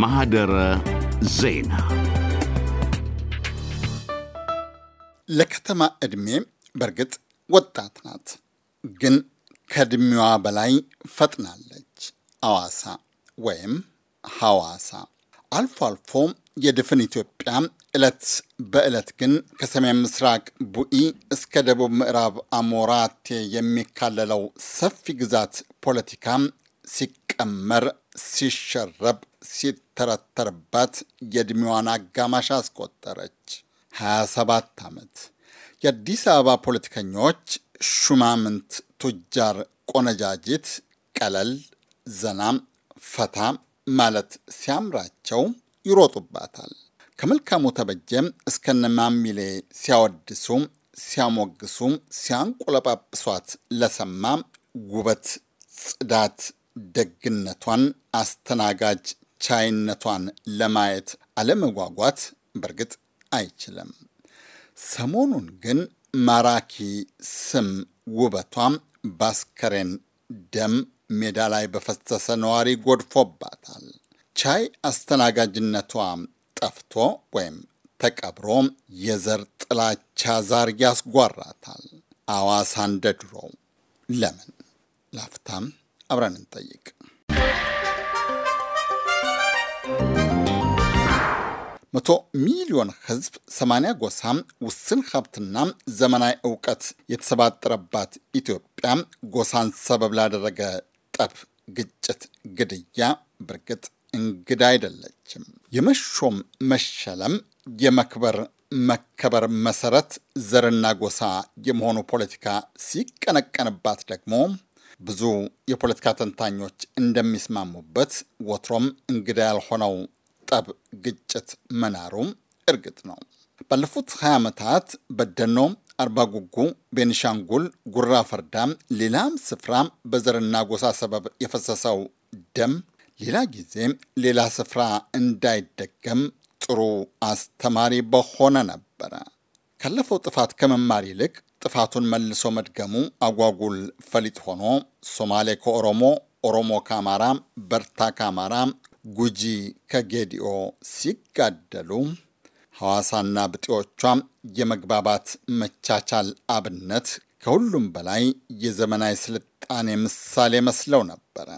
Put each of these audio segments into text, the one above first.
ማህደረ ዜና ለከተማ ዕድሜ በእርግጥ ወጣት ናት፣ ግን ከዕድሜዋ በላይ ፈጥናለች። አዋሳ ወይም ሐዋሳ አልፎ አልፎ የድፍን ኢትዮጵያ ዕለት በዕለት ግን ከሰሜን ምስራቅ ቡኢ እስከ ደቡብ ምዕራብ አሞራቴ የሚካለለው ሰፊ ግዛት ፖለቲካ ሲቀመር ሲሸረብ ሲተረተርባት የዕድሜዋን አጋማሽ አስቆጠረች። 27 ዓመት። የአዲስ አበባ ፖለቲከኞች፣ ሹማምንት፣ ቱጃር፣ ቆነጃጅት ቀለል ዘናም ፈታ ማለት ሲያምራቸው ይሮጡባታል። ከመልካሙ ተበጀም እስከነ ማሚሌ ሲያወድሱ ሲያሞግሱ ሲያንቆለጳጵሷት ለሰማ ውበት፣ ጽዳት ደግነቷን አስተናጋጅ ቻይነቷን ለማየት አለመጓጓት በእርግጥ አይችልም። ሰሞኑን ግን ማራኪ ስም ውበቷም ባስከሬን ደም ሜዳ ላይ በፈሰሰ ነዋሪ ጎድፎባታል። ቻይ አስተናጋጅነቷ ጠፍቶ ወይም ተቀብሮ የዘር ጥላቻ ዛር ያስጓራታል። አዋሳ እንደ ድሮው ለምን? ላፍታም አብረን እንጠይቅ። መቶ ሚሊዮን ህዝብ፣ 80 ጎሳ ውስን ሀብትና ዘመናዊ እውቀት የተሰባጠረባት ኢትዮጵያ ጎሳን ሰበብ ላደረገ ጠብ፣ ግጭት፣ ግድያ በርግጥ እንግዳ አይደለችም። የመሾም መሸለም፣ የመክበር መከበር መሰረት ዘርና ጎሳ የመሆኑ ፖለቲካ ሲቀነቀንባት ደግሞ ብዙ የፖለቲካ ተንታኞች እንደሚስማሙበት ወትሮም እንግዳ ያልሆነው ጠብ፣ ግጭት መናሩም እርግጥ ነው። ባለፉት 20 ዓመታት በደኖ፣ አርባጉጉ፣ ቤንሻንጉል፣ ጉራ ፈርዳም፣ ሌላም ስፍራ በዘርና ጎሳ ሰበብ የፈሰሰው ደም ሌላ ጊዜ ሌላ ስፍራ እንዳይደገም ጥሩ አስተማሪ በሆነ ነበረ። ካለፈው ጥፋት ከመማር ይልቅ ጥፋቱን መልሶ መድገሙ አጓጉል ፈሊጥ ሆኖ ሶማሌ ከኦሮሞ፣ ኦሮሞ ከአማራ፣ በርታ ከአማራ፣ ጉጂ ከጌዲኦ ሲጋደሉ ሐዋሳና ብጤዎቿ የመግባባት መቻቻል አብነት ከሁሉም በላይ የዘመናዊ ስልጣኔ ምሳሌ መስለው ነበረ።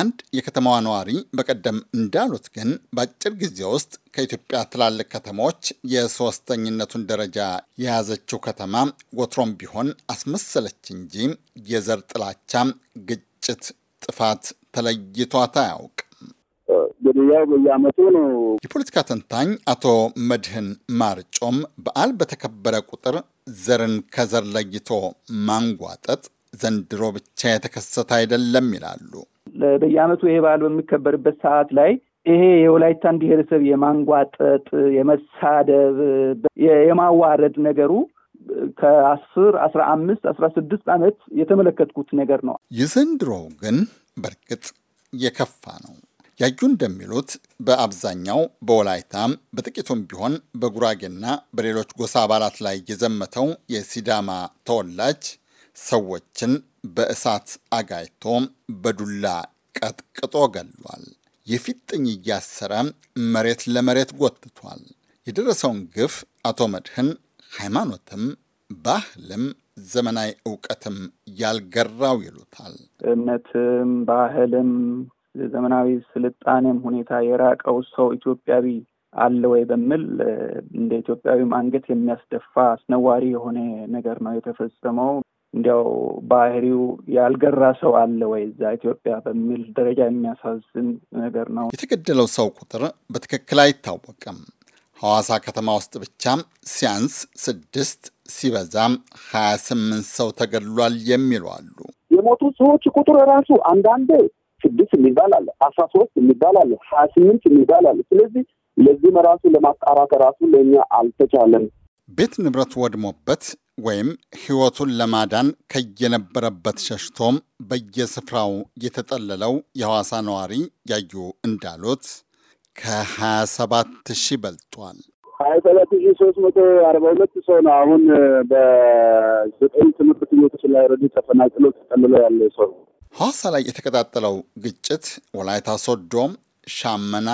አንድ የከተማዋ ነዋሪ በቀደም እንዳሉት ግን በአጭር ጊዜ ውስጥ ከኢትዮጵያ ትላልቅ ከተሞች የሶስተኝነቱን ደረጃ የያዘችው ከተማ ወትሮም ቢሆን አስመሰለች እንጂ የዘር ጥላቻ፣ ግጭት፣ ጥፋት ተለይቷት አያውቅ። ያው በየአመቱ ነው። የፖለቲካ ተንታኝ አቶ መድህን ማርጮም በዓል በተከበረ ቁጥር ዘርን ከዘር ለይቶ ማንጓጠጥ ዘንድሮ ብቻ የተከሰተ አይደለም ይላሉ። በየአመቱ ይሄ በዓል በሚከበርበት ሰዓት ላይ ይሄ የወላይታን ብሔረሰብ የማንጓጠጥ፣ የመሳደብ፣ የማዋረድ ነገሩ ከአስር አስራ አምስት አስራ ስድስት ዓመት የተመለከትኩት ነገር ነው። የዘንድሮው ግን በእርግጥ የከፋ ነው። ያዩ እንደሚሉት በአብዛኛው በወላይታም በጥቂቱም ቢሆን በጉራጌና በሌሎች ጎሳ አባላት ላይ የዘመተው የሲዳማ ተወላጅ ሰዎችን በእሳት አጋይቶ በዱላ ቀጥቅጦ ገሏል። የፊጥኝ እያሰረ መሬት ለመሬት ጎትቷል። የደረሰውን ግፍ አቶ መድህን ሃይማኖትም ባህልም ዘመናዊ እውቀትም ያልገራው ይሉታል። እምነትም ባህልም ዘመናዊ ስልጣኔም ሁኔታ የራቀው ሰው ኢትዮጵያዊ አለ ወይ በሚል እንደ ኢትዮጵያዊም አንገት የሚያስደፋ አስነዋሪ የሆነ ነገር ነው የተፈጸመው። እንዲያው ባህሪው ያልገራ ሰው አለ ወይ እዛ ኢትዮጵያ በሚል ደረጃ የሚያሳዝን ነገር ነው። የተገደለው ሰው ቁጥር በትክክል አይታወቅም። ሐዋሳ ከተማ ውስጥ ብቻም ሲያንስ ስድስት ሲበዛም ሀያ ስምንት ሰው ተገድሏል የሚሉ አሉ። የሞቱ ሰዎች ቁጥር ራሱ አንዳንዴ ስድስት የሚባል አለ፣ አስራ ሶስት የሚባል አለ፣ ሀያ ስምንት የሚባል አለ። ስለዚህ ለዚህም ራሱ ለማጣራት ራሱ ለእኛ አልተቻለም። ቤት ንብረት ወድሞበት ወይም ህይወቱን ለማዳን ከየነበረበት ሸሽቶም በየስፍራው የተጠለለው የሐዋሳ ነዋሪ ያዩ እንዳሉት ከሀያ ሰባት ሺህ በልጧል። ሀያ ሰባት ሺህ ሶስት መቶ አርባ ሁለት ሰው ነው አሁን በዘጠኝ ትምህርት ቤቶች ላይ ረዱ ተፈናቅሎ ተጠልሎ ያለ ሰው ሐዋሳ ላይ የተቀጣጠለው ግጭት ወላይታ ሶዶም፣ ሻመና፣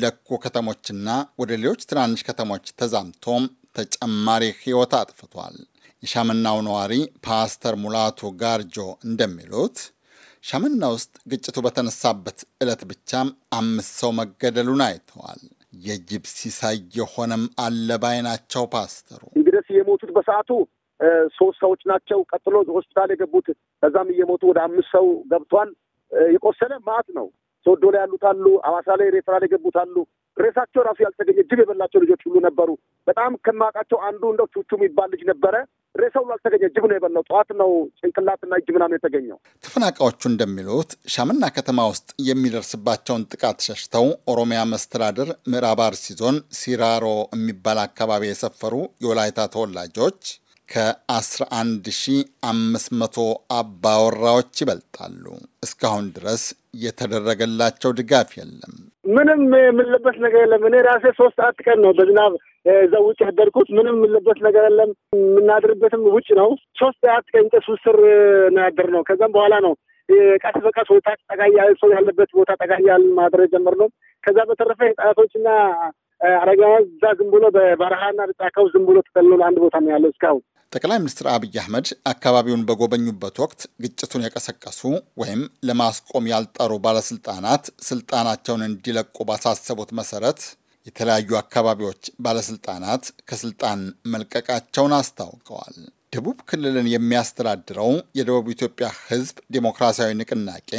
ለኮ ከተሞችና ወደ ሌሎች ትናንሽ ከተሞች ተዛምቶ ተጨማሪ ሕይወት አጥፍቷል። የሻመናው ነዋሪ ፓስተር ሙላቱ ጋርጆ እንደሚሉት ሻመና ውስጥ ግጭቱ በተነሳበት ዕለት ብቻም አምስት ሰው መገደሉን አይተዋል። የጅብ ሲሳይ የሆነም አለባይ ናቸው ፓስተሩ። እንግዲህ የሞቱት በሰዓቱ ሶስት ሰዎች ናቸው። ቀጥሎ ሆስፒታል የገቡት ከዛም እየሞቱ ወደ አምስት ሰው ገብቷል። የቆሰለ ማት ነው። ሶዶ ላይ ያሉት አሉ፣ አዋሳ ላይ ኤርትራ ላይ የገቡት አሉ። ሬሳቸው ራሱ ያልተገኘ ጅብ የበላቸው ልጆች ሁሉ ነበሩ። በጣም ከማውቃቸው አንዱ እንደው ቹቹ የሚባል ልጅ ነበረ። ሬሳ አልተገኘ፣ ጅብ ነው የበላው። ጠዋት ነው ጭንቅላትና እጅ ምናምን የተገኘው። ተፈናቃዮቹ እንደሚሉት ሻምና ከተማ ውስጥ የሚደርስባቸውን ጥቃት ሸሽተው ኦሮሚያ መስተዳድር ምዕራብ አርሲ ዞን ሲራሮ የሚባል አካባቢ የሰፈሩ የወላይታ ተወላጆች ከ11500 አባወራዎች ይበልጣሉ። እስካሁን ድረስ የተደረገላቸው ድጋፍ የለም። ምንም የምንለበስ ነገር የለም። እኔ ራሴ ሶስት አራት ቀን ነው በዝናብ እዛ ውጭ ያደርኩት። ምንም የምንለበስ ነገር የለም። የምናድርበትም ውጭ ነው። ሶስት አራት ቀን ጭሱ ስር ነው ያደርነው። ከዛም በኋላ ነው ቀስ በቀስ ወታ ጠቃያ ሰው ያለበት ቦታ ጠቃያል ማድረግ ጀምር ነው። ከዛ በተረፈ ህጻናቶችና አረጋውያን እዛ ዝም ብሎ በበረሃና በጫካው ዝም ብሎ ተጠልሎ አንድ ቦታ ነው ያለው እስካሁን ጠቅላይ ሚኒስትር አብይ አህመድ አካባቢውን በጎበኙበት ወቅት ግጭቱን የቀሰቀሱ ወይም ለማስቆም ያልጠሩ ባለስልጣናት ስልጣናቸውን እንዲለቁ ባሳሰቡት መሰረት የተለያዩ አካባቢዎች ባለስልጣናት ከስልጣን መልቀቃቸውን አስታውቀዋል። ደቡብ ክልልን የሚያስተዳድረው የደቡብ ኢትዮጵያ ሕዝብ ዴሞክራሲያዊ ንቅናቄ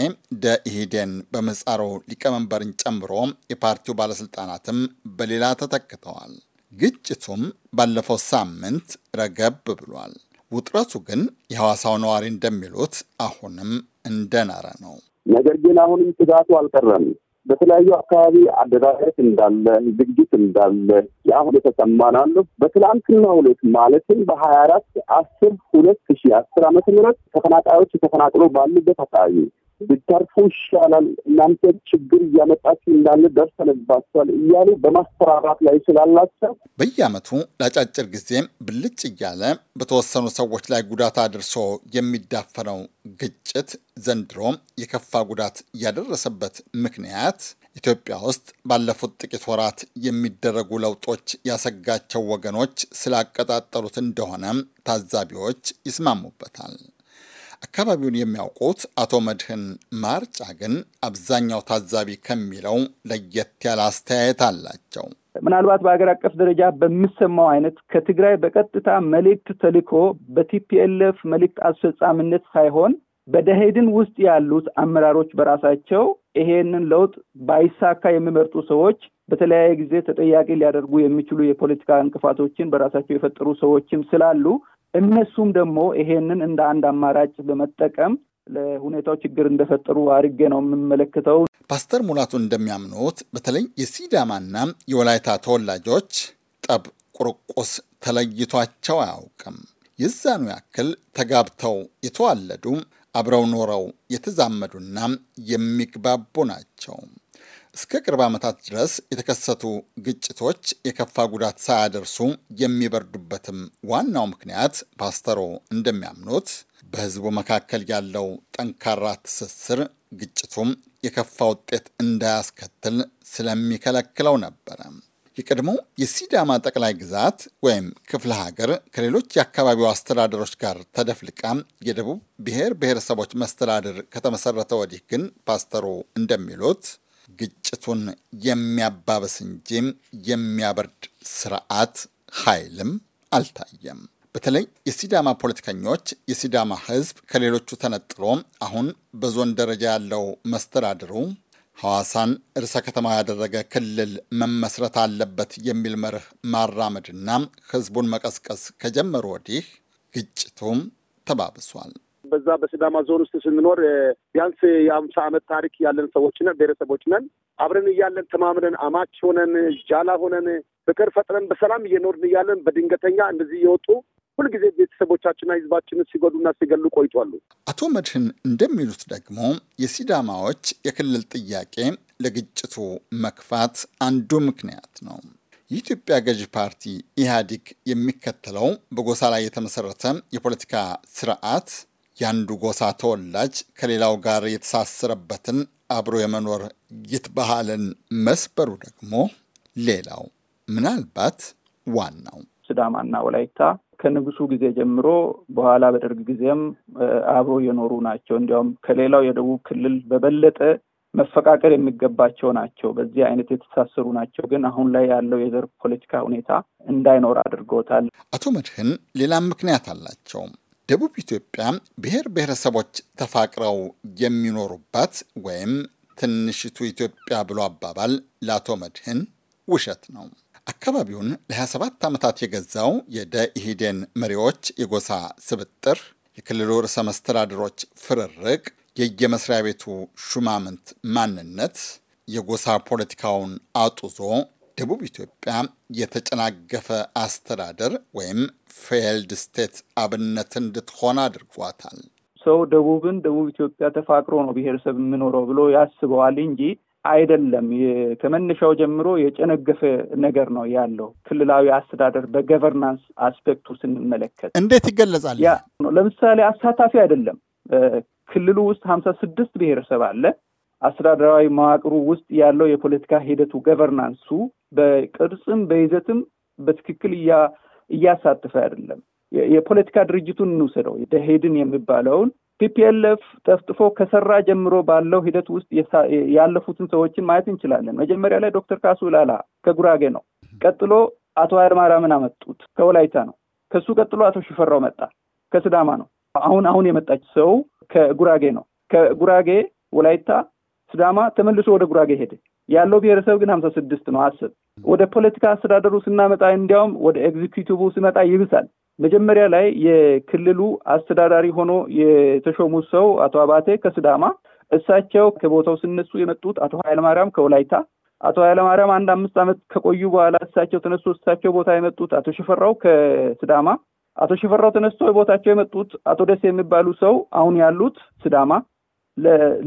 ደኢህዴን በምህጻሩ ሊቀመንበርን ጨምሮ የፓርቲው ባለስልጣናትም በሌላ ተተክተዋል። ግጭቱም ባለፈው ሳምንት ረገብ ብሏል። ውጥረቱ ግን የሐዋሳው ነዋሪ እንደሚሉት አሁንም እንደናረ ነው። ነገር ግን አሁንም ስጋቱ አልቀረም። በተለያዩ አካባቢ አደራረት እንዳለ ዝግጅት እንዳለ የአሁን የተሰማን አለ። በትላንትናው ዕለት ማለትም በሀያ አራት አስር ሁለት ሺ አስር አመት ምረት ተፈናቃዮች ተፈናቅለው ባሉበት አካባቢ ብታርፉ ይሻላል፣ እናንተ ችግር እያመጣችሁ እንዳለ ደርሰንባቸዋል እያሉ በማስፈራራት ላይ ስላላቸው በየአመቱ ለአጫጭር ጊዜም ብልጭ እያለ በተወሰኑ ሰዎች ላይ ጉዳት አድርሶ የሚዳፈነው ግጭት ዘንድሮም የከፋ ጉዳት ያደረሰበት ምክንያት ኢትዮጵያ ውስጥ ባለፉት ጥቂት ወራት የሚደረጉ ለውጦች ያሰጋቸው ወገኖች ስላቀጣጠሉት እንደሆነም ታዛቢዎች ይስማሙበታል። አካባቢውን የሚያውቁት አቶ መድህን ማርጫ ግን አብዛኛው ታዛቢ ከሚለው ለየት ያለ አስተያየት አላቸው። ምናልባት በሀገር አቀፍ ደረጃ በሚሰማው አይነት ከትግራይ በቀጥታ መልእክት ተልኮ በቲፒኤልኤፍ መልእክት አስፈጻሚነት ሳይሆን በደሄድን ውስጥ ያሉት አመራሮች በራሳቸው ይሄንን ለውጥ ባይሳካ የሚመርጡ ሰዎች በተለያየ ጊዜ ተጠያቂ ሊያደርጉ የሚችሉ የፖለቲካ እንቅፋቶችን በራሳቸው የፈጠሩ ሰዎችም ስላሉ እነሱም ደግሞ ይሄንን እንደ አንድ አማራጭ በመጠቀም ለሁኔታው ችግር እንደፈጠሩ አድርጌ ነው የምመለከተው። ፓስተር ሙላቱ እንደሚያምኑት በተለይ የሲዳማና የወላይታ ተወላጆች ጠብ ቁርቁስ ተለይቷቸው አያውቅም። የዛኑ ያክል ተጋብተው የተዋለዱ አብረው ኖረው የተዛመዱና የሚግባቡ ናቸው። እስከ ቅርብ ዓመታት ድረስ የተከሰቱ ግጭቶች የከፋ ጉዳት ሳያደርሱ የሚበርዱበትም ዋናው ምክንያት ፓስተሮ እንደሚያምኑት በሕዝቡ መካከል ያለው ጠንካራ ትስስር ግጭቱም የከፋ ውጤት እንዳያስከትል ስለሚከለክለው ነበረ። የቀድሞው የሲዳማ ጠቅላይ ግዛት ወይም ክፍለ ሀገር ከሌሎች የአካባቢው አስተዳደሮች ጋር ተደፍልቃ የደቡብ ብሔር ብሔረሰቦች መስተዳድር ከተመሰረተ ወዲህ ግን ፓስተሩ እንደሚሉት ግጭቱን የሚያባበስ እንጂ የሚያበርድ ስርዓት ኃይልም አልታየም። በተለይ የሲዳማ ፖለቲከኞች የሲዳማ ህዝብ ከሌሎቹ ተነጥሎ አሁን በዞን ደረጃ ያለው መስተዳድሩ ሐዋሳን ርዕሰ ከተማ ያደረገ ክልል መመስረት አለበት የሚል መርህ ማራመድና ህዝቡን መቀስቀስ ከጀመሩ ወዲህ ግጭቱም ተባብሷል። በዛ በሲዳማ ዞን ውስጥ ስንኖር ቢያንስ የአምሳ ዓመት ታሪክ ያለን ሰዎች ነን፣ ብሔረሰቦች ነን። አብረን እያለን ተማምነን አማች ሆነን ጃላ ሆነን ፍቅር ፈጥረን በሰላም እየኖርን እያለን በድንገተኛ እንደዚህ እየወጡ ሁልጊዜ ቤተሰቦቻችንና ሕዝባችንን ሲጎዱና ሲገሉ ቆይቷሉ። አቶ መድህን እንደሚሉት ደግሞ የሲዳማዎች የክልል ጥያቄ ለግጭቱ መክፋት አንዱ ምክንያት ነው። የኢትዮጵያ ገዢ ፓርቲ ኢህአዲግ የሚከተለው በጎሳ ላይ የተመሰረተ የፖለቲካ ስርዓት የአንዱ ጎሳ ተወላጅ ከሌላው ጋር የተሳሰረበትን አብሮ የመኖር ይት ባህልን መስበሩ ደግሞ ሌላው ምናልባት ዋናው ስዳማና ወላይታ ከንጉሱ ጊዜ ጀምሮ በኋላ በደርግ ጊዜም አብሮ የኖሩ ናቸው። እንዲያውም ከሌላው የደቡብ ክልል በበለጠ መፈቃቀር የሚገባቸው ናቸው። በዚህ አይነት የተሳሰሩ ናቸው። ግን አሁን ላይ ያለው የዘር ፖለቲካ ሁኔታ እንዳይኖር አድርገውታል። አቶ መድህን ሌላም ምክንያት አላቸውም። ደቡብ ኢትዮጵያ ብሔር ብሔረሰቦች ተፋቅረው የሚኖሩባት ወይም ትንሽቱ ኢትዮጵያ ብሎ አባባል ለአቶ መድህን ውሸት ነው። አካባቢውን ለ27 ዓመታት የገዛው የደኢህዴን መሪዎች የጎሳ ስብጥር፣ የክልሉ ርዕሰ መስተዳድሮች ፍርርቅ፣ የየመስሪያ ቤቱ ሹማምንት ማንነት የጎሳ ፖለቲካውን አጡዞ ደቡብ ኢትዮጵያ የተጨናገፈ አስተዳደር ወይም ፌልድ ስቴት አብነት እንድትሆን አድርጓታል። ሰው ደቡብን ደቡብ ኢትዮጵያ ተፋቅሮ ነው ብሔረሰብ የምኖረው ብሎ ያስበዋል እንጂ አይደለም። ከመነሻው ጀምሮ የጨነገፈ ነገር ነው ያለው። ክልላዊ አስተዳደር በገቨርናንስ አስፔክቱ ስንመለከት እንዴት ይገለጻል? ለምሳሌ አሳታፊ አይደለም። ክልሉ ውስጥ ሀምሳ ስድስት ብሔረሰብ አለ። አስተዳደራዊ መዋቅሩ ውስጥ ያለው የፖለቲካ ሂደቱ ገቨርናንሱ በቅርጽም በይዘትም በትክክል እያሳተፈ አይደለም። የፖለቲካ ድርጅቱን እንውሰደው ደሄድን የሚባለውን ቲፒኤልኤፍ ጠፍጥፎ ከሰራ ጀምሮ ባለው ሂደት ውስጥ ያለፉትን ሰዎችን ማየት እንችላለን። መጀመሪያ ላይ ዶክተር ካሱ ላላ ከጉራጌ ነው። ቀጥሎ አቶ ኃይለማርያምን አመጡት፣ ከወላይታ ነው። ከሱ ቀጥሎ አቶ ሽፈራው መጣ፣ ከስዳማ ነው። አሁን አሁን የመጣች ሰው ከጉራጌ ነው። ከጉራጌ ወላይታ ስዳማ ተመልሶ ወደ ጉራጌ ሄደ። ያለው ብሔረሰብ ግን ሀምሳ ስድስት ነው። አስብ ወደ ፖለቲካ አስተዳደሩ ስናመጣ እንዲያውም ወደ ኤግዚኪቲቭ ስመጣ ይብሳል። መጀመሪያ ላይ የክልሉ አስተዳዳሪ ሆኖ የተሾሙት ሰው አቶ አባቴ ከስዳማ፣ እሳቸው ከቦታው ስነሱ የመጡት አቶ ኃይለማርያም ከወላይታ አቶ ኃይለማርያም አንድ አምስት ዓመት ከቆዩ በኋላ እሳቸው ተነስቶ እሳቸው ቦታ የመጡት አቶ ሽፈራው ከስዳማ አቶ ሽፈራው ተነስቶ ቦታቸው የመጡት አቶ ደሴ የሚባሉ ሰው አሁን ያሉት ስዳማ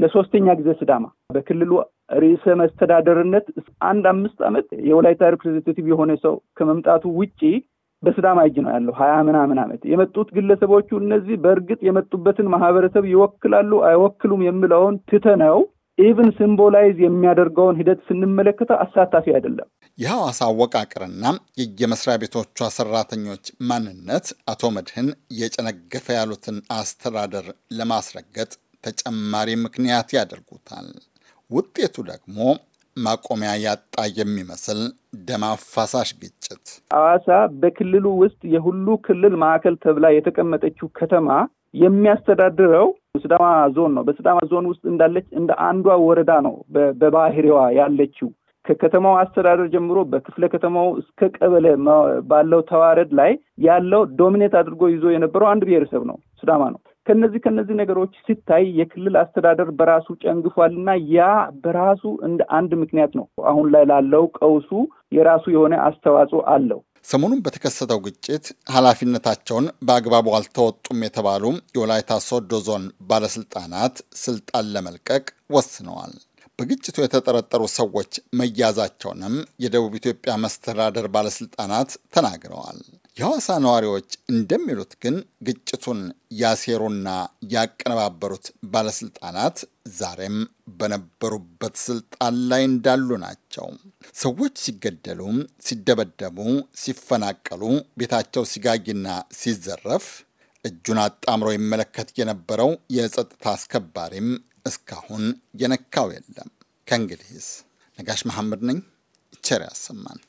ለሶስተኛ ጊዜ ስዳማ በክልሉ ርዕሰ መስተዳደርነት አንድ አምስት ዓመት የወላይታ ሪፕሬዘንቴቲቭ የሆነ ሰው ከመምጣቱ ውጪ በስዳማ እጅ ነው ያለው ሀያ ምናምን ዓመት የመጡት ግለሰቦቹ እነዚህ በእርግጥ የመጡበትን ማህበረሰብ ይወክላሉ አይወክሉም የሚለውን ትተነው ኢቭን ሲምቦላይዝ የሚያደርገውን ሂደት ስንመለከተው አሳታፊ አይደለም። የሐዋሳ አወቃቀርና የየመስሪያ ቤቶቿ ሰራተኞች ማንነት አቶ መድህን የጨነገፈ ያሉትን አስተዳደር ለማስረገጥ ተጨማሪ ምክንያት ያደርጉታል። ውጤቱ ደግሞ ማቆሚያ ያጣ የሚመስል ደም አፋሳሽ ግጭት። ሐዋሳ በክልሉ ውስጥ የሁሉ ክልል ማዕከል ተብላ የተቀመጠችው ከተማ የሚያስተዳድረው ስዳማ ዞን ነው። በስዳማ ዞን ውስጥ እንዳለች እንደ አንዷ ወረዳ ነው በባህሪዋ ያለችው። ከከተማው አስተዳደር ጀምሮ በክፍለ ከተማው እስከ ቀበሌ ባለው ተዋረድ ላይ ያለው ዶሚኔት አድርጎ ይዞ የነበረው አንድ ብሔረሰብ ነው፣ ስዳማ ነው። ከነዚህ ከነዚህ ነገሮች ሲታይ የክልል አስተዳደር በራሱ ጨንግፏል እና ያ በራሱ እንደ አንድ ምክንያት ነው አሁን ላይ ላለው ቀውሱ የራሱ የሆነ አስተዋጽኦ አለው። ሰሞኑን በተከሰተው ግጭት ኃላፊነታቸውን በአግባቡ አልተወጡም የተባሉ የወላይታ ሶዶ ዞን ባለስልጣናት ስልጣን ለመልቀቅ ወስነዋል። በግጭቱ የተጠረጠሩ ሰዎች መያዛቸውንም የደቡብ ኢትዮጵያ መስተዳደር ባለስልጣናት ተናግረዋል። የሐዋሳ ነዋሪዎች እንደሚሉት ግን ግጭቱን ያሴሩና ያቀነባበሩት ባለስልጣናት ዛሬም በነበሩበት ስልጣን ላይ እንዳሉ ናቸው። ሰዎች ሲገደሉ፣ ሲደበደቡ፣ ሲፈናቀሉ፣ ቤታቸው ሲጋጊና ሲዘረፍ እጁን አጣምሮ ይመለከት የነበረው የጸጥታ አስከባሪም እስካሁን የነካው የለም። ከእንግዲህስ? ነጋሽ መሐመድ ነኝ። ቸር ያሰማን።